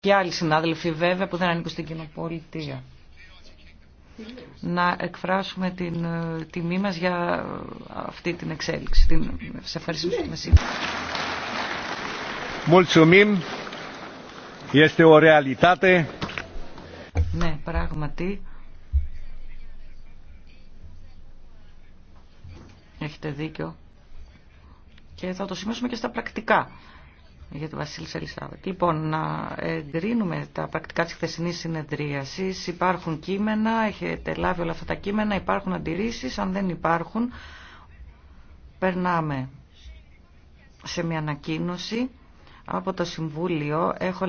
και άλλοι συνάδελφοι βέβαια που δεν ανήκουν στην κοινοπολιτεία. Να εκφράσουμε την ε, τιμή μας για ε, αυτή την εξέλιξη. Την... Σε ευχαριστούμε που ο Ναι, πράγματι. Έχετε δίκιο. Και θα το σημειώσουμε και στα πρακτικά για τη Βασίλη Ελισάβετ. Λοιπόν, να εγκρίνουμε τα πρακτικά τη χθεσινή συνεδρίαση. Υπάρχουν κείμενα, έχετε λάβει όλα αυτά τα κείμενα, υπάρχουν αντιρρήσει. Αν δεν υπάρχουν, περνάμε σε μια ανακοίνωση από το Συμβούλιο. Έχω